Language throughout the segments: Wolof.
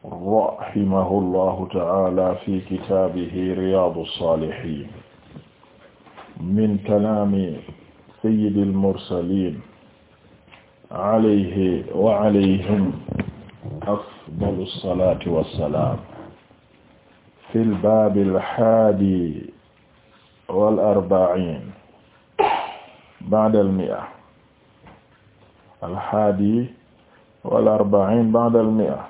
rahimahu llahu ta'ala fi kitaabihi riyaadu saalihiin min kalaami sayyidil mursaliin alayhi wa alayhim afdalu salaati wa salaam fil baabil haadi wal arba'iin ba'dal mi'a al haadi wal arba'iin ba'dal mi'a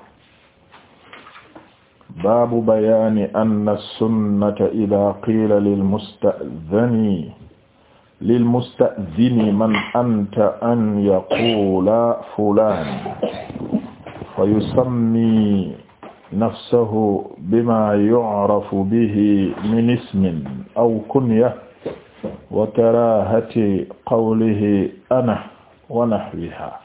baabu bayaani anna sunnata idaa qiila lil musta'dhini lil musta'dhini man anta an yaquula fulaan fa yusammi nafsahu bimaa yu'rafu bihi min ismin aw kunya wa karaahati qawlihi ana wa nahwihaa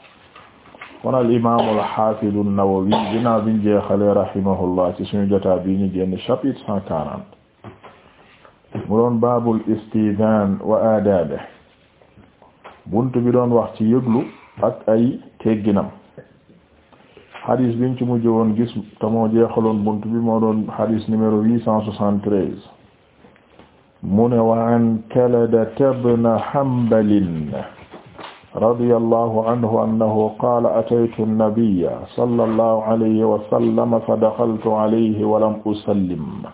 kon al imam al hafiz nawawi dina biñ jeexale rahimahullah ci suñu jotaa bi ñu génn chapitre cent quarante mu doon baabul istizan wa aadabe bunt bi doon wax ci yëglu ak ay tegginam hadis biñ ci mujj woon gis te moo jeexaloon bi moo doon hadis numéro huit wa an Kalada ibn radiyallahu anhu annahu qaala ataytu nabiyya sallallahu alayhi wa sallam fa daxaltu alayhi wa lam usallim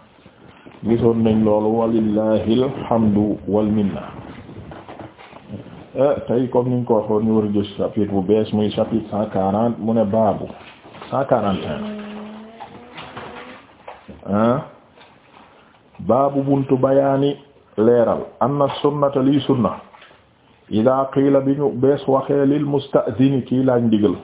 gisoon nañ loolu walillahi alhamdu wal minna eh, tey comme niñ ko waxoon ñu war a gis chapitre bu bees muy chapitre cent quarante mu ne baabu cent quarante et un baabu buntu bayaani leeral anna sunnata lii sunna ida qiila bi ñu bees waxee lil kii laaj ndigal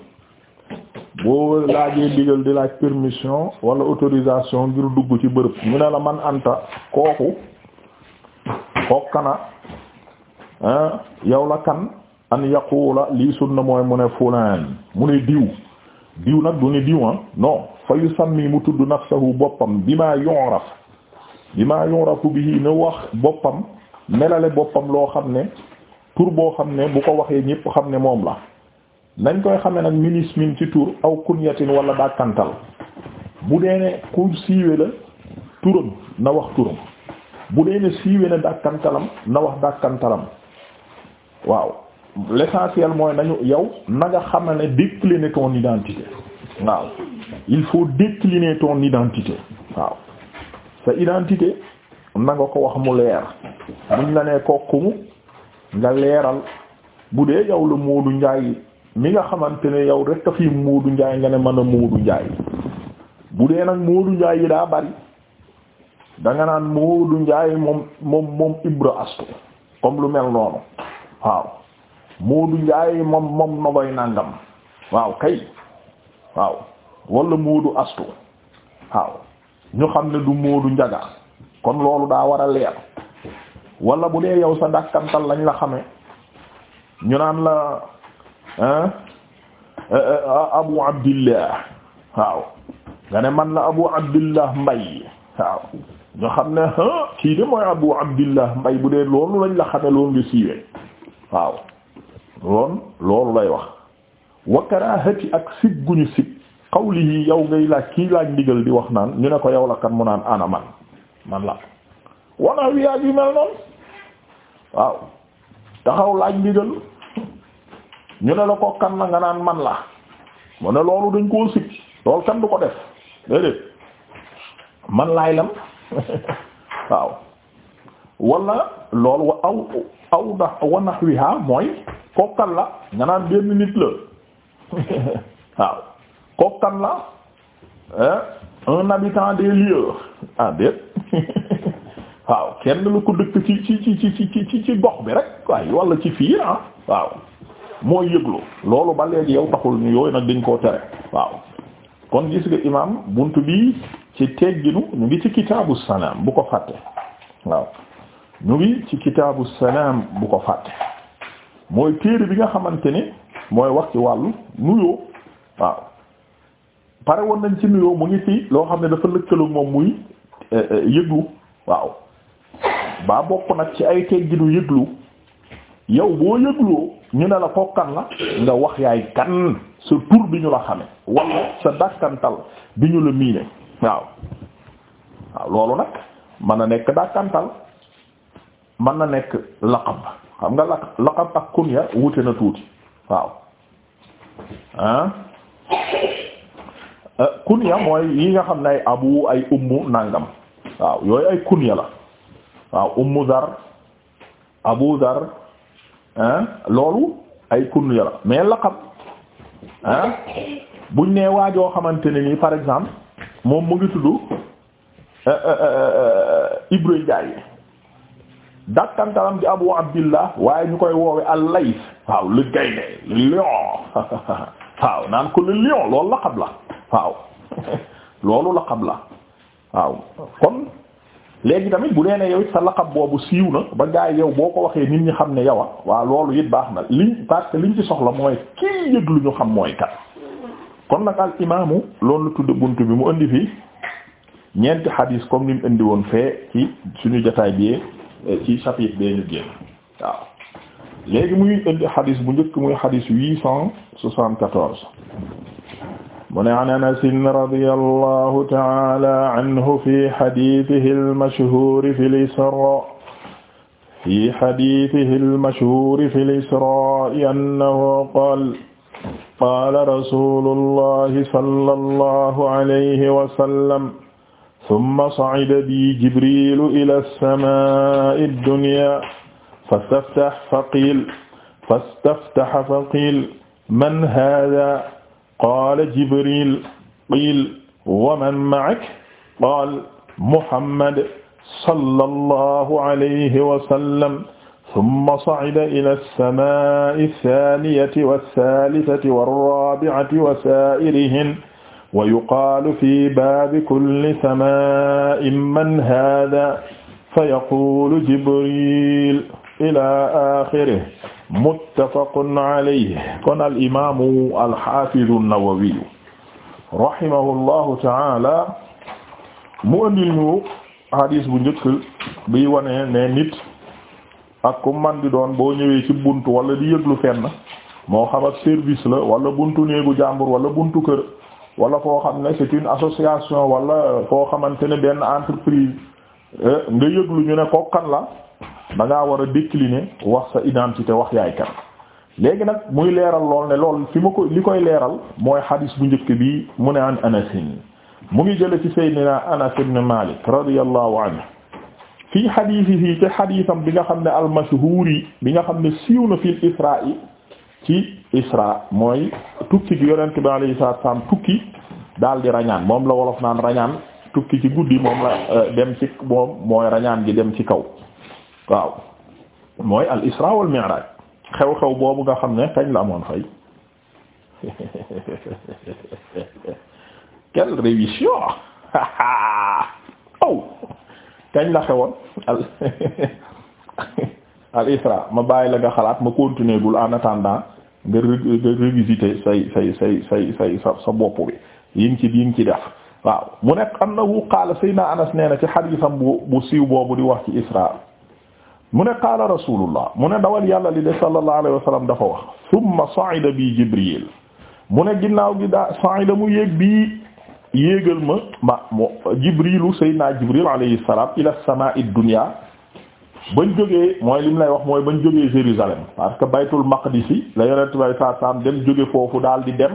boo laajee ndigal di laaj permission wala autorisation ngir dugg ci bërëb mu ne la man anta kooku kokkana yow la kan an yaqula lii sunna mooy mu ne fulaan mu ne diw diw nag du ne diw ah non fa yusammi mu tudd nafsahu boppam bi yu'raf bima yu'rafu bihi ne wax boppam melale boppam loo xam ne tur boo xam ne bu ko waxee ñépp xam ne moom la nañ koy xamee nag minis min ci tur aw kunyatin wala dàkkantal bu dee ne ku siiwe la turam na wax turam bu dee ne siiwe na dàkkantalam na wax dàkkantalam waaw l'essentiel mooy nañu yow na nga xamal ne décliner ton identité waaw il faut décliner identité waaw sa identité na ko wax mu leer muñ la ne kokkumu nga leeral bu dee yow la Moodu Njaay mi nga xamante ne yow rek a fi Moodu Njaay nga ne mën a Moodu Njaay bu dee nag Moodu Njaay yi daa bari danga naan Moodu Njaay moom moom moom Ibra Astu lu mel noonu waaw Njaay moom moom nogoy nàngam waaw kay waaw wala Moodu Astu waaw ñu xam ne du Moodu Njaga kon loolu daa war a leer wala bu dee yow sa dàkkantal lañ la xamee ñu naan la eh, eh, ah, abu abdillah waaw nga ne man la abu abdillah mbay waaw nga xam ne kii de mooy abu abdillah mbay bu dee loolu lañ la xamee loolu nga siiwee waaw loon loolu lay wax wa karahati ak sib guñu sib qawlihi yow ngay laaj kii laaj ndigal di wax naan ñu ne ko yow la kan mu naan ana man man la wana wiyaag yu mel noonu waaw taxaw laaj ndigal ñu ne la ko kan la nga naan man la mu ne loolu dañ koo sib loolu kan du ko def déedéet man laay lam waaw wala loolu wa aw aw da wa nahwiha mooy kokkan la nga naan benn nit la waaw kokkan la eh, un habitant des lieux ah déet waaw kenn lu ko dëkk ci ci ci ci ci ci bi rek waaye wala ci fii ah waaw mooy yëglu loolu ba léegi yow taxul ñu yooyu nag dañ koo tere waaw kon gis nga imam buntu bi ci tegginu ñu ngi ci kitaabu salaam bu ko fàtte waaw ñu ngi ci kitaabu salaam bu ko fàtte mooy téere bi nga xamante ni mooy wax ci wàllu nuyoo waaw pare woon nañ ci nuyoo mu ngi ci loo xam ne dafa lëkkaloog moom muy eh, eh, yëglu waaw baa bokk nag ci ay tegginu yëglu yow boo yëgloo ñu ne la ko kan la nga wax yaay kan sa tur bi ñu la xame wala sa dàkkantal bi ñu la miine waaw waaw loolu nag mën na nekk dàkkantal mën na nekk laqab xam nga laq laqab ak kunya wute na tuuti waaw ah kunya mooy yi nga xam ne ay abu ay ummu nangam waaw yooyu ay kunya la waaw ummu dar abu dar loolu ay kunya la mais laqab ah buñ nee waajoo xamante ne nii par exemple moom mu ngi tudd euh, euh, euh, Ibra Ndiaye dakkantalam di abu abdillah waaye ñu koy woowe al-Layth waaw le gaynde lion waaw naan ko lion loolu laqab la waaw loolu laqab la waaw kon léegi tamit bu dee ne yow it sa laqab boobu siiw na ba gaay yow boo ko waxee nit ñi xam ne yow waa loolu it baax na li parce que liñ ci soxla mooy kii yëg lu ñu xam mooy kat kon nag al imaamu loolu la tudd bunt bi mu indi fii ñeenti xadiis comme ni mu indi woon fee ci suñu jotaay bi ci chapitre bee ñu génn waaw léegi muy indi xadiis bu njëkk muy xadiis huit cent soixante-quatorze mu ne an anasin radiyallahu taala anhu fi xaditihi almashhuri fi lisra fi xaditihi almashhuri fi lisrai annahu qaal qaala rasulullahi sallallahu alayhi wa sallam summa sa'ida bi jibrilu ila as-samaa'i ad-dunya fastaftaha faqiil fastaftaha faqiil man haadha qaala Jibril qiil wa man ma'ak qaala Muhammad sallallahu alayhi wa sallam summa sa'ida ila as-samaa'i ath-thaaniyati wath-thaalisati war-raabi'ati wa saa'irihin wa yuqaalu fii baabi kulli samaa'in man haadhaa fa yaquulu Jibril ilaa aaxirihi muttafaqun alayhi kon al imaamu al xaafidu nawawi rahimahullahu taala mu andil ñu hadis bu njëkk bi wane ne nit ak ku man di doon boo ñëwee ci bunt wala di yëglu fenn moo xam ak service la wala buntu néegu jàmbur wala buntu kër wala foo xam ne c'est une association wala foo xamante ne benn entreprise eh, nga yëglu ñu ne kokkan la da war a décliner wax sa identité wax yaay kan léegi nag muy leeral lool ne lool fi ma ko li koy leeral mooy xadis bu njëkk bi mu ne an anasin mu ngi jële ci sayyidina anas ibn malik radiyallahu anhu fii xadisihi te xadisam bi nga xam ne al almashhuri bi nga xam ne siiw na fil isra'i ci isra mooy tukki gi yonent bi alayhi salaatu tukki daal di rañaan moom la wolof naan rañaan tukki ci guddi moom la euh, dem ci moom mooy rañaan gi dem ci kaw waaw mooy al isra wal xew-xew boobu nga xam ne kañ la amoon fay quelle révision aw oh! kañ la xewoon al al ma bàyyi la nga xalaat ma continuer gul en attendant nga revisiter say say say say say sa sa bopp bi yi ci yi ngi ci def waaw mu nekk annahu qaala sayna anas nee na ci xadiisam bu bu siiw boobu di wax ci isra mu ne qaala rasulullah mu ne dawal yàlla li de sallallahu alayhi wa sallam dafa wax summa sa'ida bi jibril mu ne ginnaaw gi daa sa'ida mu yéeg bii yéegal ma ma mo jibrilu sayyidina jibril alayhi salaam ila samaa'i dunya bañ jógee mooy li lim lay wax mooy bañ jógee Jérusalem parce que baytul maqdisi la yonent bay saa saam dem jóge foofu daal di dem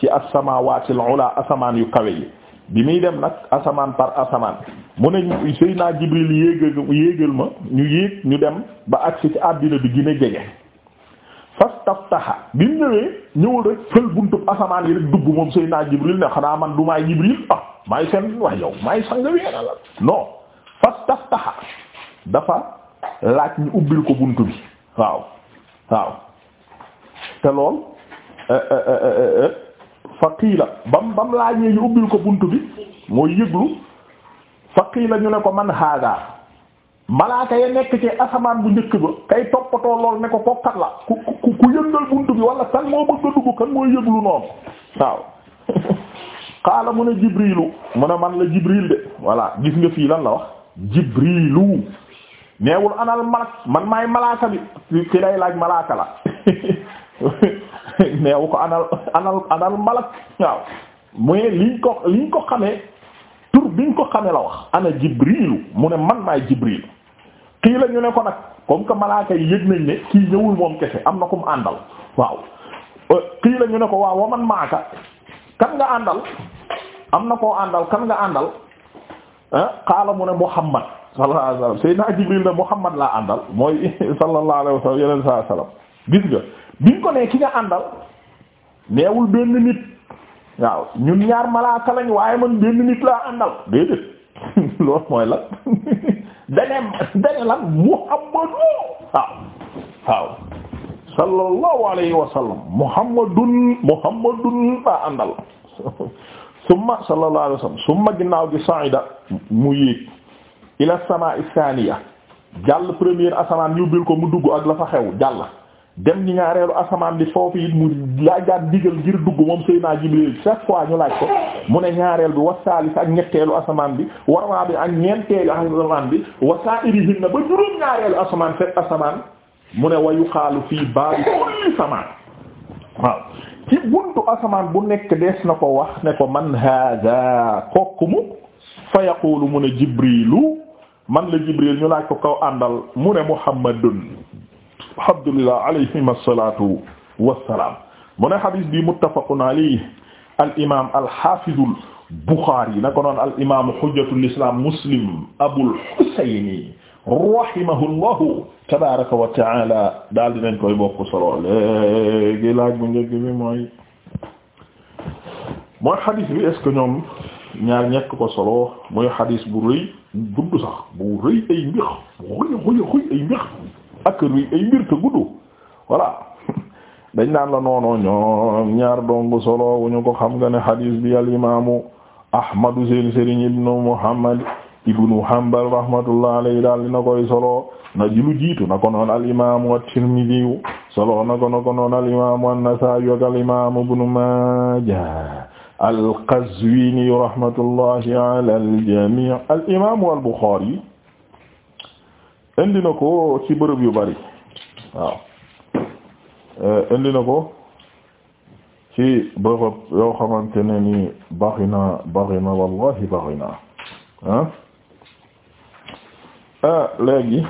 ci as-samaawatil ula asamaan yu kawe yi bi muy dem nag asamaan par asamaan mu ne Seydina Jibril yéegal yéegal ma ñu yéeg ñu dem ba agsi ci àddina bi gën a jege fastaftaha bi mu ñëwee ñëwul rek fël buntu asamaan yi rek dugg moom Seydina Jibril ne xanaa man du maay Jibril ah maay seen wax yow maay sanga weera la non fastaftaha dafa laaj ñu ubbil ko buntu bi waaw waaw te lool euh, euh, euh, fa qiila bam bam laajee ñu ubbil ko buntu bi mooy yëglu fa qiila ñu ne ko man haadaa malaaka ya nekk ci asamaan bu njëkk ba kay toppatoo lool ne ko kokkat la ku ku ku yëngal buntu bi wala kan moo bëgg a dugg kan mooy yëglu noonu waaw qaala mu ne jibrilu mu ne man la jibril de voilà gis nga fii la wax jibrilu neewul anal malak man maay malaaka bi ci lay laaj malaaka la neewu ko anal anal anal malak waaw mooy liñ ko liñ ko xamee tur biñ ko xamee la wax ana jibrilu mu ne man maay jibril kii la ñu ne ko nag comme que malaaka yi yëg nañ ne kii ñëwul moom kese am na ku mu àndal waaw euh, kii la ñu ne ko waaw wa man maaka kan nga àndal am na koo àndal kan nga àndal qaala mu ne muhammad sallallahu alayhi wasallam sayyidina jibril ne muhammad laa àndal mooy sallallahu alayhi wasallam yeneen sallallahu alayhi wasallam gis nga biñ ko nee ki nga àndal neewul benn nit waaw ñun ñaar malaaka lañ waaye man benn nit laa àndal déedéet loolu mooy lan dane dane lan muhammadu waaw waaw sallallahu alayhi wa sallam muhammadun muhammadun laa àndal summa sallallahu alayhi wa summa ginnaaw gi sa'ida mu yéeg ila samaa thaniya jàll premier asamaan yu bil ko mu dugg ak la fa xew jàll dem ñaareelu asamaan bi foofu it mu laajaat digal ngir dugg moom Seydina Jibril chaque fois ñu laaj ko mu ne ñaareel bi wasaalis ak ñetteelu asamaan bi warwaa bi ak ñeenteelu asamaan bi wasaa'irihin na ba juróom ñaareelu asamaan fekk asamaan mu ne wayu xaalu fii baabi kulli samaan ci buntu asamaan bu nekk dees na ko wax ne ko man hada kooku mu fa yaqulu mu ne Jibrilu man la Jibril ñu laaj ko kaw àndal mu ne Muhammadun alhamdulillah alayhim alsalatu wassalam mu ne xadis bi muttafaqun alayhi al imam alhafidul Bukhari na ko noon al imaamu hujjatul islam muslim Abul Husayni rahimahullahu tabaaraka wa ta'ala daal dinañ koy bokk solo léegi laaj bu njëkk bi mooy mooy xadis bi est-ce que ñoom ñaar ñekk ko solo mooy xadis bu rëy gudd sax bu rëy ay mbir xuy xuy xuy ay mbir ak ruy ay mbir te gudd voilà dañ naan la noono ñoom ñaar dong solo wu ñu ko xam nga ne hadis bi al imaamu ahmadu seen sëriñ muhammad ibnu hanbal rahmatullah alayhi daal dina koy solo na jilu jiitu na ko noon al imaamu solo na ko noon al imaamu an-nasa'i ak maaja al qazwini rahmatullahi ala al jami' al al bukhari indi na ko ci bërëb yu bari waaw eh, indi na ko ci bërëb yoo xamante ne ni bari na bari na wallahi bari na ah léegi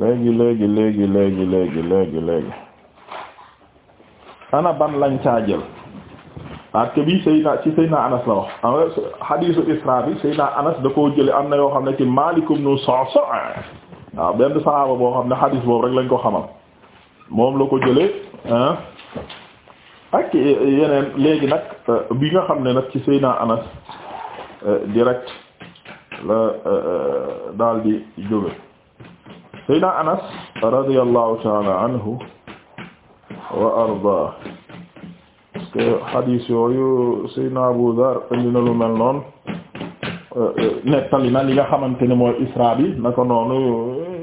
léegi léegi léegi léegi léegi léegi léegi ana ban lañ caa jël parce que bi Seydina ci Seydina Anas la wax hadiisu Isra bi Seydina Anas da koo jële am na yoo xam ne ci Maalik ibn Sa'sa'a waaw benn saxaaba boo xam ne hadiis boobu rek lañ ko xamal moom la ko jële ak yeneen léegi nag euh, bi nga xam ne nag ci Seydina Anas euh, direct la euh, daal di jóge Seydina Anas radiyallahu ta'ala anhu wa arda que xadiis yooyu Seydina Abu Dhar indi lu mel noon nettali na li nga xamante ne mooy isra bi naka noonu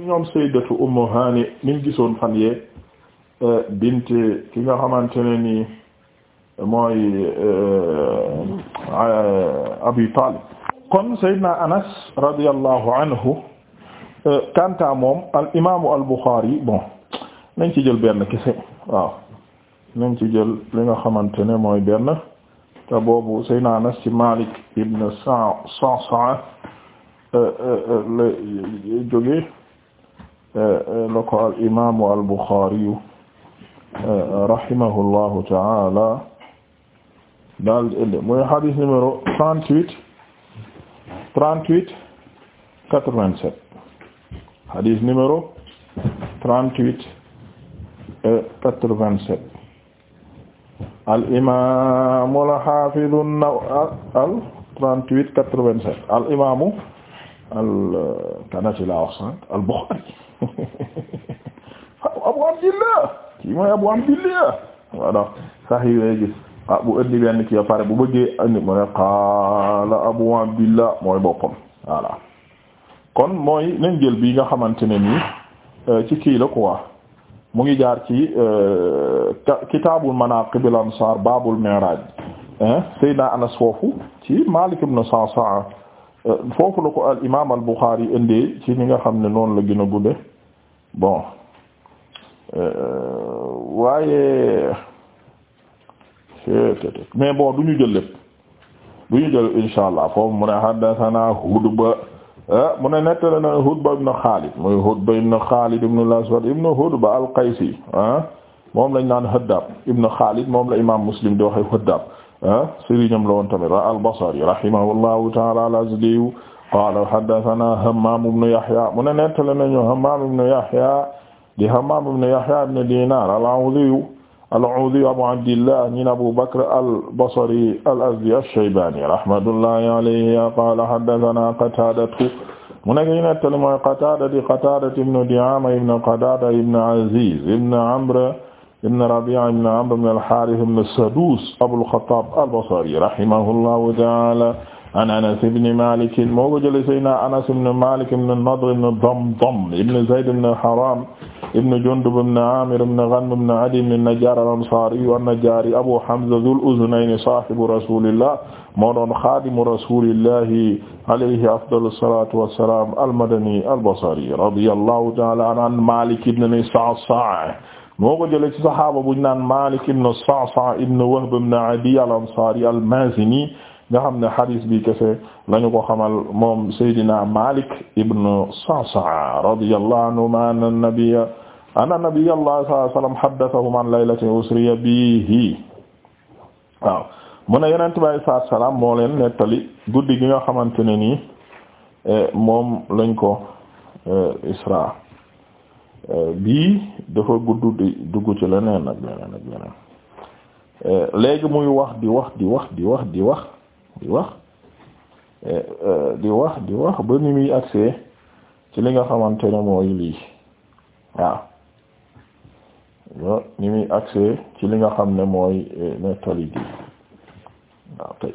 ñoom Sayyidatu Ummu Hani niñ gisoon fan yee bint ki nga xamante ne ni mooy Abi Talib kon Seydina Anas radiyallahu anhu kanta moom al imaamu al Bukhari bon nañ ci jël benn kese waaw nañ ci jël li nga xamante ne mooy benn te boobu Seydina Anas ci Malik ibn Sa'sa'a euh, euh, euh, la jóge la ko al imaamu ta'ala daal di indi muy hadith numéro quatre quatre-vingt-sept al imaamu al xaafidu Nawawi al 38 87 al imaamu al kanati laa wax sànq al Buxaari Abu Abdillah kii mooy Abu Abdillah voilà sax yi ngay gis ah, bu ëndi benn kii ba pare bu bëggee andi mu ne qaala Abu Abdillah mooy boppam voilà kon mooy nañ jël bii nga xamante ne nii eh, ci kii la quoi. mu ngi jaar ci euh, kitaabul manaaqibil ansaar baabul mi'raaj Seydina Anas foofu ci Maalik ibn Sa'sa'a euh, foofu la ko al imaam al Buxaari indee ci ni nga xam ne noonu la gën a gudde bon euh, waaye mais bon du ñu jël lépp du ñu jël inshaa foofu mu ne haddasanaa Hudba Ah, mu ne nettali na Hudba ibn Xaalid muy Hudba ibn Xaalid ibn al-Aswad ibn Hudba al-Qaysi ah, moom lañ naan Haddab ibn Xaalid moom la imaam Muslim di waxe Haddab ah, sëriñam la woon tamit al-Basri rahimahullahu ta'ala al-Azdi qaala haddathana Hammaam ibn Yahya mu ne nettali nañu Hammaam ibn Yahya di Hammaam ibn Yahya ibn Dinar al-Awdi al-Awdi Abu Abdillah ñin Abu Bakr al-Basri al-Azdi ash-Shaybani rahmatullahi alayhi qala haddathana Qatadatu mu nekk ñu nettali mooy Qatada di Qatada ibn Di'ama ibn Qatada ibn Aziz ibn Amr ibn Rabi'a ibn Amr ibn al-Harith ibn Sadus Abu al-Khattab al-Basri rahimahullahu ta'ala an Anas ibn Malik moo ko jëlee Seydina Anas ibn Malik ibn Nadr ibn Damdam ibn Zayd ibn Haram ibn Jundub ibn Amir ibn Ghanm ibn Adi ibn Najjar al-Ansari an-Najjari Abu Hamza Dhul Udhnayn sahibu rasulillah moo doon khadimu rasulillah alayhi afdalu salatu wassalam al-Madani al-Basri radiyallahu ta'ala an Malik ibn Sa'sa'a moo ko jëlee ci saxaaba bu ñu naan Malik ibn Sa'sa'a ibn Wahb ibn Adi al-Ansari al-Mazini nga xam ne xadis bi kese lañu ko xamal moom Seydina Malik ibn Sa'sa'a radiyallahu anhu an nabiyya anna nabiyallah sallallahu alayhi wasallam haddathahum an laylati usriya bihi waaw mu ne yenent bi salaam moo leen nettali guddi gi nga xamante ne nii e, moom lañ ko e, isra e, bi dafa gudd di dugg ci leneen ak leneen ak leneen wax di wax di wax di wax di wax di wax di wax di wax ba ni muy agsee ci li nga xamante ne mooy lii waaw ba ni muy ci li nga xam ne mooy eh, nettali bi waaw tey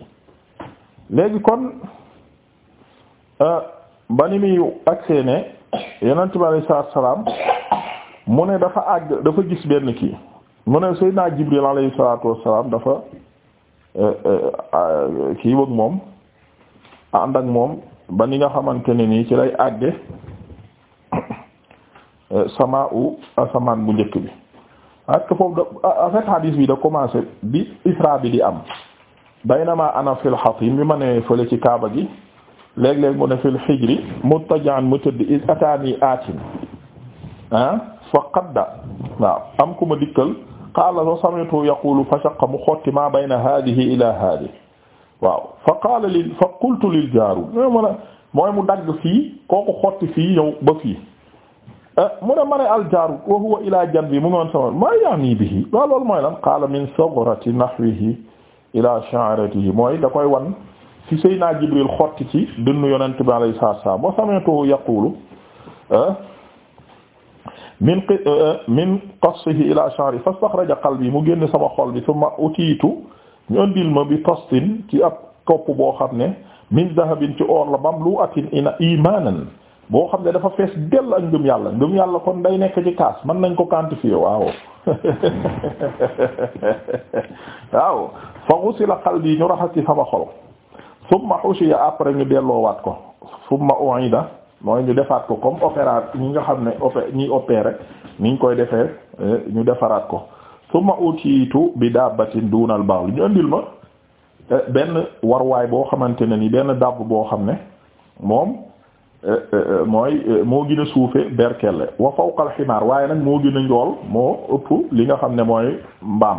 léegi kon euh, ba ni muy agsee ne yonent bi alayhi salaatu salaam mu ne dafa àgg dafa gis benn kii mu ne Seydina Jibril alayhi salaatu wassalaam dafa Euh, euh, euh, kii wëg moom ànd ak moom ba ni nga xamante ne nii ci lay àgge sama u asamaan bu njëkk bi parce que foofu da ah, en fait hadis bi da commencé bi isra bi di am baynama ana fil hatim bi ma ne fële ci kaaba gi léeg-léeg mu ne fil hijri muttajan mu tëdd is ataani aatin ah fa qadda waaw am ku ma dikkal qaala fa sami'tu yaqulu fa shaqqa mu xotti ma bayna haadihi ila haadihi waaw fa qaala lil fa qultu lil jaarud mooy mu dagg fii kooku xotti fii ñëw ba fii eh, mu ne ma ne al jaarud wa huwa ila janbi mu ngi woon sama maa yaani bihi waaw loolu mooy lan qaala min saghrati nahwihi ila sha'ratihi mooy da koy wan fi Seydina Jibril xotti ci dënnu yonent bi alayhi salaatu wa salaam wa sami'tu yaqulu eh, min euh, euh, min qasihi ila sha'ri fastaxraja qalbi mu génn sama xol bi summa utiitu ñu andil ma bi tostin ci ab kopp boo xam ne min dahabin ci or la bam lu atin ina imanan boo xam ne dafa fees dell ak ngëm yàlla ngëm yàlla kon day nekk ci kaas mën nañ ko quantifier waaw waaw fa ghusila qalbi ñu raxas ci sama xol summa hushiya après ñu delloowaat ko summa u'ida mooy ñu defaat ko comme opéra ñi nga xam ne opé ñiy opéré niñ koy defee eh, ñu defaraat ko summa utiitu bi dabbatin dunal baxli ñu andil ma eh, benn warwaay boo xamante ne ni benn dàbb boo xam ne moom eh, mooy moo gën a suufe berkelle wa fawqal ximaar waaye nag moo gën a njool moo ëpp li nga xam ne mooy mbaam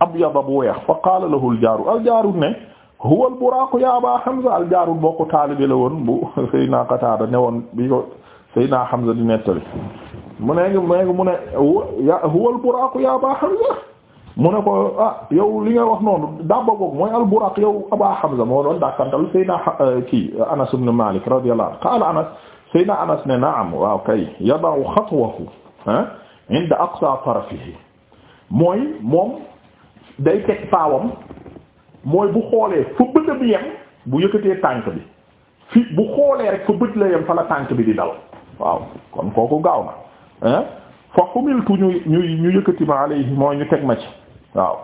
abyada bu weex fa qaala lahu jaaru al jaaru ne huwa al buraaq ya aba hamza al jaarul bokk taalibe la woon bu Seydina Qataada ne woon bi ko Seydina Hamza di nettali mu ne mu ne mu ne huwa al buraaq ya aba hamza mu ne ko ah yow li nga wax noonu dabba boog mooy al buraaq yow aba hamza moo doon dàkkantal Seydina eh, kii Anas ibn Maalik radiyallahu anhu qaala Anas Seydina Anas ne naam waaw kay yada'u xatwahu ah, inda aqsa tarafihi mooy moom day teg paawam mooy bu xoolee fa bët bi yem bu yëkkatee tànk bi fi bu xoolee rek fa bët la yem fa la tànk bi di dal waaw kon kooku gaaw na ah fa xumiltu ñu ñu ñu yëkkati ma alayhi mooy ñu teg ma ci waaw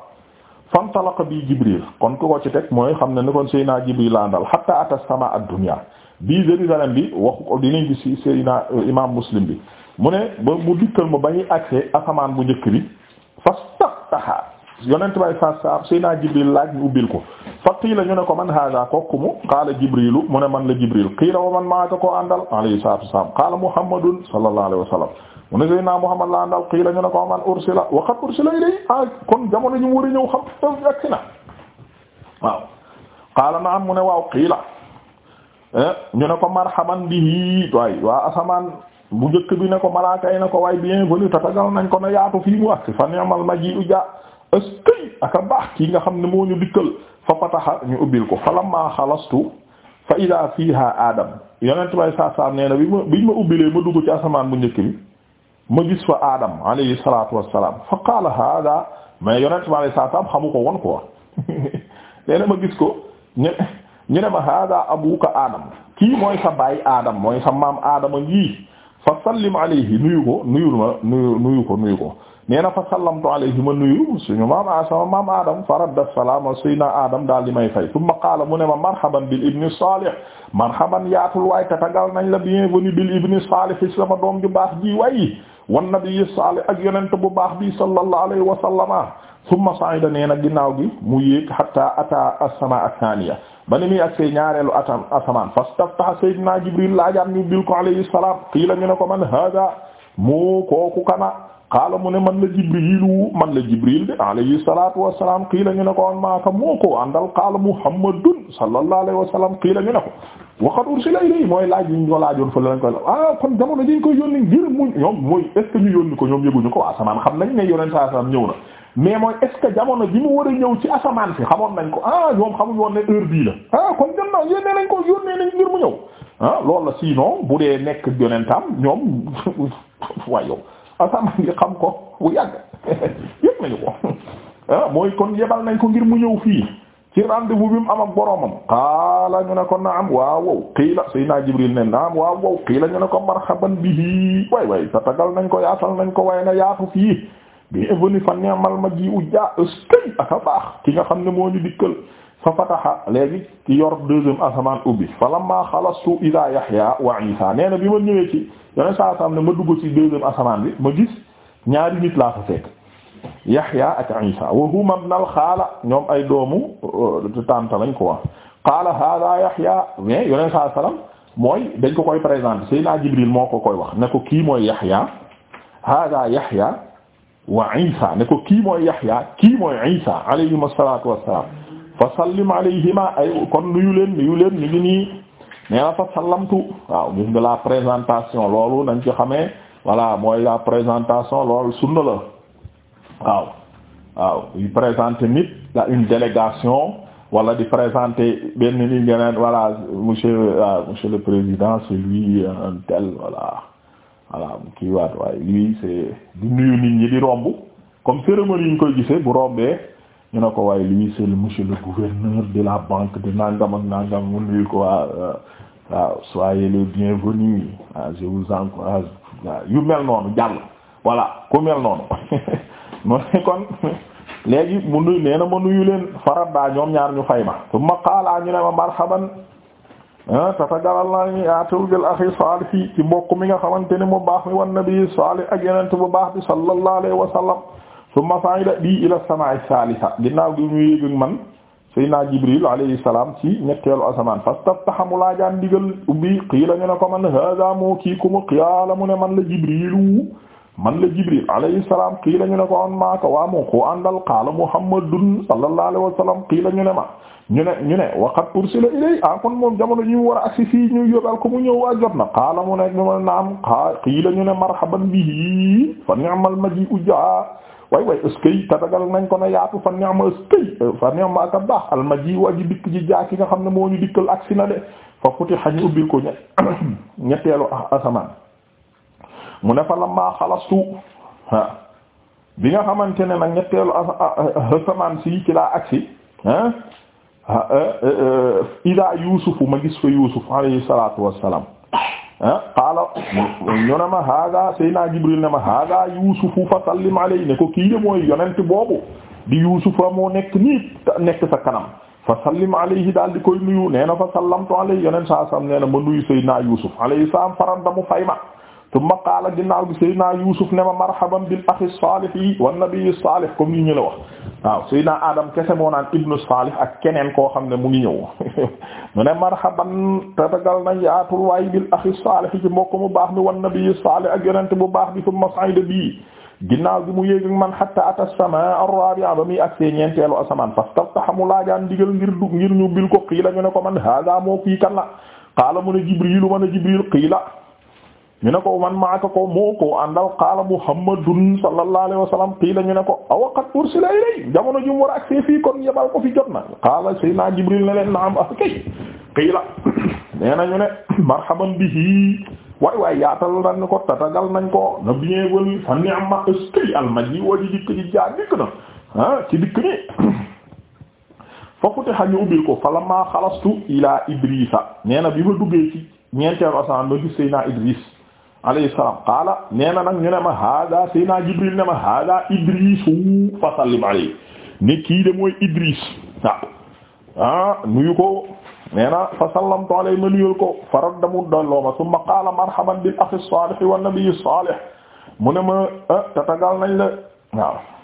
fantalaqa bi jibril kon ku ko ci teg mooy xam ne ni kon Seyna jibril laa dal hatta ata sama ad-dunya bii Jérusalem bi waxu ko dinañ gis ci Seyna euh, imam muslim bi mu ne ba mu dikkal ma ba ñuy accès asamaan bu njëkk bi fastaftaha yonent bay saab saab Seydina Jibril laaj ñu ubbil ko fa qiila ñu ne ko man haaza kooku mu Jibrilu mu ne man la Jibril qiila wa man maaka koo àndal alayhi salaatu wa salaam qaala Muhammadun sallallahu alayhi wa sallam mu ne Seydina Muhammad la àndal qiila ñu ne ko man ursila wa qad ursila ilayhi ah, kon jamono ñu war a ñëw xam agsi na waaw qaala na'am mu ne waaw qiila eh, ñu ne ko marhaban bihi waay waa asamaan bu njëkk bi ne ko malaaka yi ko waay bienvenue eskay aka baax kii nga xam ne moo ñu dikkal fa fataha ñu ubbil ko fa lamma xalastu fa ida fiha adam yonent bay saa saa bi ma biñ ma ubbilee ma dugg ci asamaan bu njëkk bi ma gis fa adam alayhi salatu wassalam fa qaala hada mais yonent bay saa saa xamu ko won quoi nee na ma gis ko ñu ñu ne ma hada abuka adam kii mooy sa baay adam mooy sa maam adama ngi fa sallim alayhi nuyu ko nuyul ma nuyu nuyu ko nuyu ko nee na fa sallamtu alayhi ma nuyu suñu maam sama maam Adam faradda salaama sayna Adam daal di may fay tumma qaala mu ne ma marhaban bil ibni salih marhaban yaatul waay tatagal nañ la bienvenue bil ibni salih ci sama doom ju baax ji waay wan nabiyyi salih ak yonent bu baax bi sallallahu alayhi wa sallama tumma sa'ida nee na ginnaaw gi mu yéeg hatta ata as-samaa thaniya ba ni muy ak see ñaareelu atam asamaan fastaftaha sayyidina Jibril laajaam ñu bil ko alayhi salaam qiila ñu ne ko man hada moo kooku kana qaala mu ne man la jibrilu man la jibril de alayhi salatu wassalam qiila ñu ne ko an maaka moo ko àndal qaala muhammadun sallallahu alayhi wa kii qiila ñu ne ko waqad ursila ilayhi mooy laaj yi ñu ko laajoon fa lañ ko la ah kon jamono jiñ koy yónni ngir mu ñoom mooy est ce que ñu ko ñoom yëguñu ko asamaan xam nañ ne yoneen saa salam ñëw na mais mooy est ce ji mu war a ñëw ci asamaan si xamoon nañ ko ah ñoom xamuñ woon ne heure bii la ah ko yónnee nañ ah loolu la sinon bu dee nekk yonentam ñoom waaye yow asamaan yi xam ko bu yàgg yëpp nañu ko ah mooy kon yebal nañ ko ngir mu ñëw fii ci rendez-vous bi mu am ak boroomam qaala ñu ne ko naam waaw wow qiila sayna Jibril ne naam waaw wow qiila ñu ne ko marhaban bihi way way sa tagal nañ ko yaatal nañ ko waaye na yaatu fii bi eveni fa neemal ma ji u jaa aka baax ki nga xam ne moo ñu dikkal fa fataha léegi ki yor deuxième asamaan ubbi fa lamma xalastu ila Yahya wa Isa nee bi ma ñëwee ci yeneen saa ne ma dugg ci deuxième asamaan bi ma gis ñaari nit laa fa fekk Yahya ak Isa wa huma xaala ñoom ay doomu euh, tànta lañ ko wax qaala hada Yahya mais yeneen saa mooy dañ ko koy présenter Seydina Jibril moo ko koy wax ne ko kii mooy Yahya hada Yahya wa Isa ne ko kii mooy Yahya kii mooy Isa alayhim as-salaatu was-salaam fa sallim alayhima ay kon nuyu leen nuyu leen ñu ngi nii nee na fa sallamtu waaw gis nga la présentation loolu nañ ci xamee voilà mooy la présentation loolu sunna la waaw waaw di présenter nit la une délégation wala di présenter benn nit geneen voilà monsieur ah, monsieur le président c'est lui euh, un tel voilà voilà kii waat waaye lui c'est di nuyu nit ñi di romb comme cérémonie ñu koy gisee bu rombee ñu ne ko waaye lui c'est le monsieur le gouverneur de la banque de nangam ak nangam mu nuyu ko waa ah, euh, waaw soyez les bienvenus ah je vous encourage ah, yu mel noonu jàll wala ku mel noonu mu ne kon léegi mu nuyu nee ma nuyu leen faradda ñoom ñaar ñu fay ma summa qaala ñu ne ma marhaban ah, tatagalal naa ñu atul bil axi salih yi ci mbokk mi nga xamante ni mu baax mi wan nabi salih ak yenent bu baax bi sallallahu alayhi wa sallam summa sa'ida bi ila samaa'i saalisa ginnaaw gi mu yéeg ak man Seydina Jibril alayhi salaam ci ñetteelu asamaan fastaftaha mu laajaan digal ubbi qiila ñu ne ko man haaza muukiikum qaala mu ne man la Jibrilu man la Jibril alayhi salaam qiila ñu ne ko an maaka waa mu ko àndal qaala Muhammadun sallallahu alayhi wa sallam qiila ñu ne ma ñu ne ñu ne wa qad ursila ilay ah kon moom jamono ji mu war a agsi fii ñu yóbal ko mu ñëw waa jot na qaala mu ne ñu ne naam qiila ñu ne marhaban bihi fa ni'mal maji'u way way ëskey tatagal nañ ko na yaatu fa ni'ma ëskey euh, fa ni'ma aka baax almaji waa ji dikk ji jaaki nga xam ne moo ñu dikkal aksi na de fa futi xañu ubbil ko ñetteelu asamaan mu ne fa lamma xalastu ah bi nga xamante ne nag ñetteelu asamaan si ci laa aksi ah ida ma gis fa yusuf alayhi salatu wassalam Ah, qaala ñu ne ma hada Seydina Jibril ne ma hada yuusufu fa sallim alayhi ne ko kii mooy yonent boobu di yuusufa moo nekk nii nekk sa kanam fa sallim alayhi daal di koy nuyu nee na fa sallamtu alayhi yonent saa sam nee na ma nuyu Seydina Yuusuf alayhi salaam faranda mu fay ma tumma qaala ginnaaw gi Seydina Yuusuf ne ma marhaban bil axi saalih wan nabiyyi saalih comme ni ñu la wax waaw Seydina Adam kese moo naan ibnu saalih ak keneen koo xam ne mu ngi ñëw mu ne marhaban tatagal nañ yaatul waay bil axi saalih ci mbokk mu baax mi wan nabiyyi saalih ak yonent bu baax bi tumma sa'ida bii ginnaaw gi mu yéeg ak man hatta ata as-samaa ar-raabi'a ba muy mu laajaan ndigal ngir dugg ko qiila ñu ko man haaza moo kii kan la qaala mu ne Jibriil mu ne Jibriil qiila ñu ne ko man maaka ko moo ko àndal qaala muhammadun sallallahu alayhi wa sallam qiila ñu ne ko awa qad ursila ilay jamono jum war ak see fii kon yebal ko fi jot na qaala sayna jibril ne leen naam ah kay qiila nee na ñu ne marhaban bihi waay waay yaatal nañ ko tatagal nañ ko na bien venu fa ni'ma eskay almaji woo di dikk ji jaar dikk na ah ci dikk ni fa futiha ñu ubbil ko falamma xalastu ila idrisa nee na bi ma duggee ci ñeenteelu asamaan ma gis sayna idris alayhi salaam qaala nee na nag ñu ne ma hada sayna Jibril ne ma hada Idrisu fa sallim alayhi ne kii de mooy Idris waaw ah nuyu ko nee na fa sallamtu alayhi ma nuyul ko fa radda mu delloo ma summa qaala marhaban bil akhi salih wan nabi salih mu ne ma ah tatagal nañ la waaw